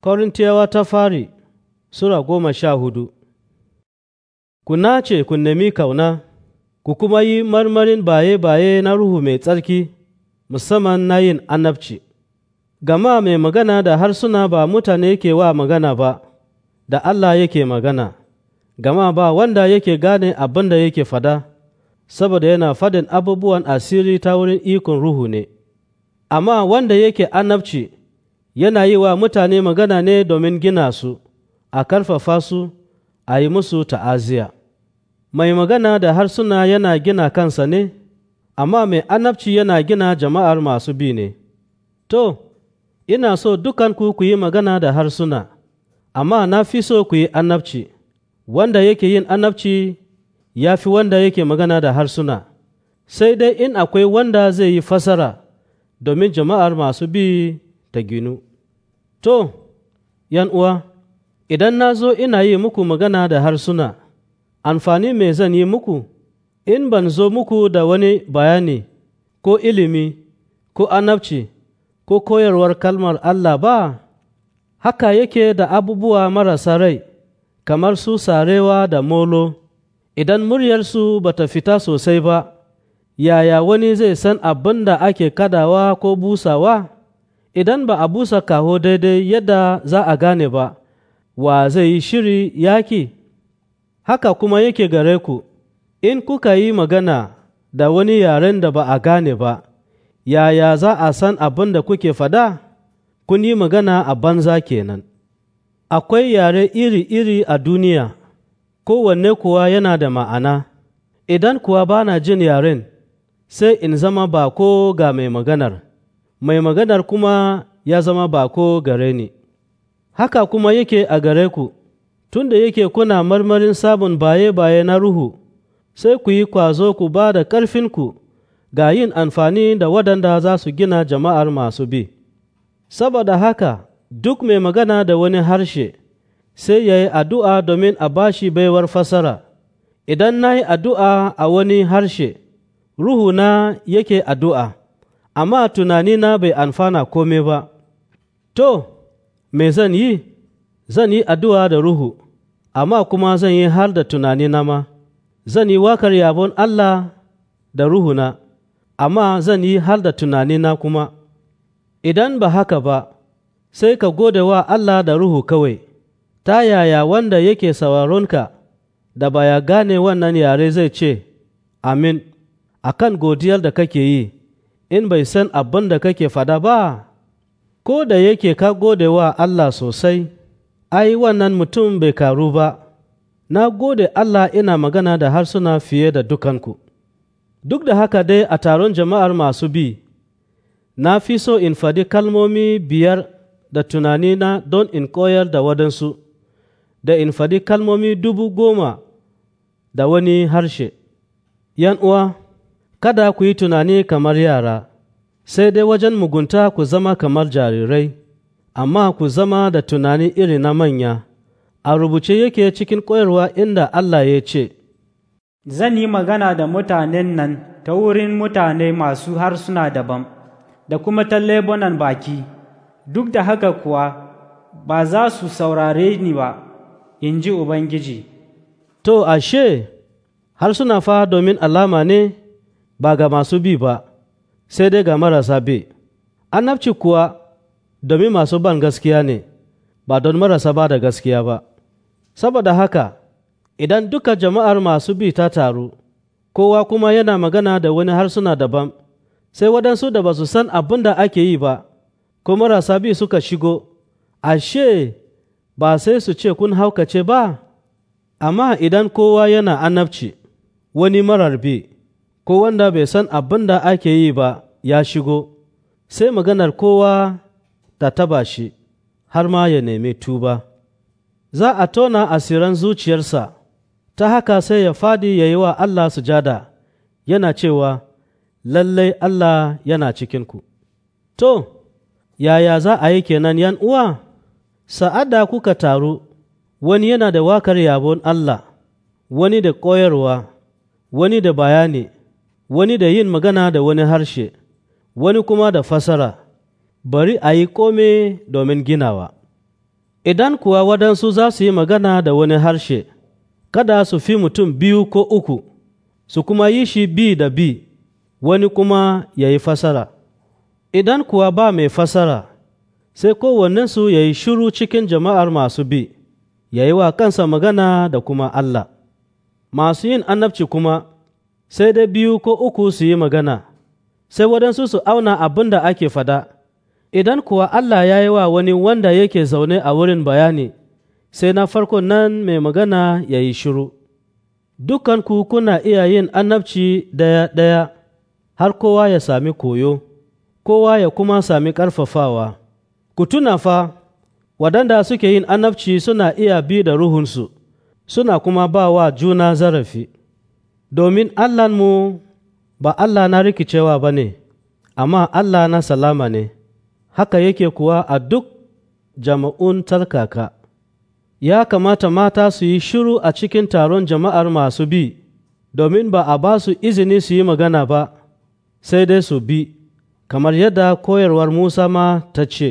Korintiyawa ta fari Sura goma sha hudu Ku nace ku nemi kauna, ku kuma yi marmarin baye-baye na Ruhu Mai Tsarki, musamman na yin annabci, gama mai magana da harsuna ba mutane ke wa magana ba, da Allah yake magana, gama ba wanda yake gane abin da yake fada, saboda yana fadin abubuwan asiri ta wurin ikon Ruhu ne, amma wanda yake annabci yana yi wa mutane magana ne domin gina su a karfafa su a yi musu ta'aziya mai magana da harsuna yana gina kansa ne amma mai anabci yana gina jama'ar masu bi ne to ina so dukanku ku yi magana da harsuna amma na fi so ku yi annabci wanda yake yin anabci ya fi wanda yake magana da harsuna sai dai in akwai wanda zai yi fasara domin jama'ar masu bi ta ginu To, uwa, idan na zo ina yi muku magana da harsuna, amfani mai zan yi muku, in ban zo muku da wani bayani, ko ilimi, ko anabci, ko koyarwar kalmar Allah ba, haka yake da abubuwa marasa rai, kamar su sarewa da molo, idan muryarsu ba ta fita sosai ba, yaya wani zai san abin da ake kadawa ko busawa? idan ba a busa kaho daidai yadda za a gane ba, wa zai yi shiri yaki? Haka kuma yake gare ku, in kuka yi magana da wani yaren da ba a gane ba, yaya za a san abin da kuke fada? Kun yi magana a banza kenan. Akwai yare iri-iri a duniya, kowanne kuwa yana da ma'ana, idan kuwa ba na jin yaren, sai in zama ba ko ga mai maganar. mai maganar kuma ya zama bako gare ni, haka kuma yake a gare ku, tun da yake kuna marmarin sabon baye-baye na ruhu, sai ku yi kwazo ku ba da ƙarfinku ga yin amfani da waɗanda za su gina jama'ar masu bi. Saboda haka, duk mai magana da wani harshe, sai ya yi addu'a domin a bashi baiwar fasara. Idan na yi addu'a a wani harshe, ruhu na yake addu'a. amma tunanina bai amfana kome ba, to, me zan yi, zan yi addu'a da ruhu, amma kuma zan yi har da tunanina ma, zan yi wakar yabon Allah da ruhuna, amma zan yi har da tunanina kuma, idan ba haka ba, sai ka gode wa Allah da ruhu kawai, ta yaya wanda yake sauraronka da baya gane wannan yare zai ce, Amin, a kan godiyar da kake yi. in bai san abin da kake fada ba, ko da yake ka gode wa Allah sosai, ai wannan mutum bai karu ba, na gode Allah ina magana da harsuna fiye da dukanku. Duk da haka dai a taron jama'ar masu bi, na fi so in fadi kalmomi biyar da tunanina don in koyar da waɗansu, da in fadi kalmomi dubu goma da wani harshe. ‘Yan uwa’. Kada ku yi tunani kamar yara, sai dai wajen mugunta ku zama kamar jarirai, amma ku zama da tunani iri na manya, a rubuce yake cikin koyarwa inda Allah ya ce, Zan yi magana da mutanen nan ta wurin mutane masu harsuna daban, da kuma ta lebunan baki, duk da haka kuwa ba za su saurare ni ba, in ji Ubangiji. To, ashe, harsuna fa domin alama ne? ba ga masu bi ba, sai dai ga marasa bi. Annabci kuwa domin masu ban gaskiya ne, ba don marasa ba da gaskiya ba. Saboda haka, idan duka jama'ar masu bi ta taru, kowa kuma yana magana da wani harsuna daban, sai waɗansu da ba su san abin da ake yi ba, ko marasa bi suka shigo, ashe ba sai su ce kun haukace ba, amma idan kowa yana annabci, wani marar bi. ko wanda bai san abin da ake yi ba ya shigo, sai maganar kowa ta taba shi har ma ya nemi tuba. Za a tona asiran zuciyarsa, ta haka sai ya fadi ya yi wa Allah sujada, yana cewa, Lallai Allah yana cikinku. To, yaya za a yi kenan yan uwa? sa'adda kuka taru, wani yana da wakar yabon Allah, wani da koyarwa, wani da bayani. wani da yin magana da wani harshe, wani kuma da fasara, bari a yi kome domin ginawa. Idan kuwa waɗansu za su yi magana da wani harshe, kada su fi mutum biyu ko uku, su kuma yi shi bi da bi, wani kuma ya yi fasara. Idan kuwa ba mai fasara, sai kowannensu ya yi shiru cikin jama'ar masu bi, ya yi wa kansa magana da kuma Allah. Masu yin annabci kuma sai dai biyu ko uku su yi magana, sai waɗansu su auna abin da ake fada. Idan kuwa Allah ya yi wa wani wanda yake zaune a wurin bayani, sai na farko nan mai magana ya yi shiru. Dukanku kuna iya yin annabci ɗaya-ɗaya, har kowa ya sami koyo, kowa ya kuma sami ƙarfafawa. Ku tuna fa, waɗanda suke yin annabci suna iya bi da ruhunsu, suna kuma ba wa juna zarafi. domin Allahnmu ba Allah na rikicewa ba ne, amma Allah na salama ne, haka yake kuwa a duk jama'un tarkaka. Ya kamata mata su yi shiru a cikin taron jama'ar masu bi, domin ba a ba su izini su yi magana ba, sai dai su bi, kamar yadda koyarwar Musa ma ta ce,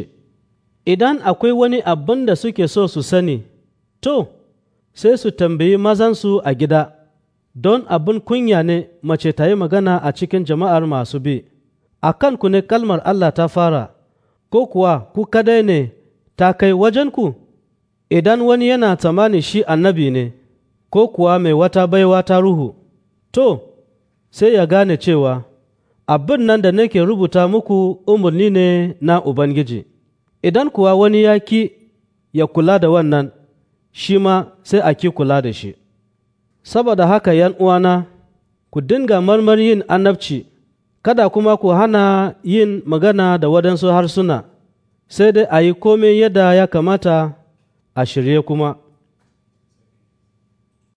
Idan akwai wani abin da suke so su sani, to, sai su tambayi mazansu a gida. don abin kunya ne mace ta yi magana a cikin jama'ar masu bi, a kan ku ne kalmar Allah ta fara, ko kuwa ku kadai ne ta kai wajenku? Idan wani yana tsammani shi annabi ne, ko kuwa mai wata baiwa ta ruhu, to, sai ya gane cewa, abin nan da nake rubuta muku umarni ne na Ubangiji. Idan kuwa wani ya ki ya kula da wannan, shi ma sai a ki kula da shi. saboda haka yan uwana ku dinga marmar yin annabci kada kuma ku hana yin magana da wadansu harsuna sai dai a yi kome yadda ya kamata a shirye kuma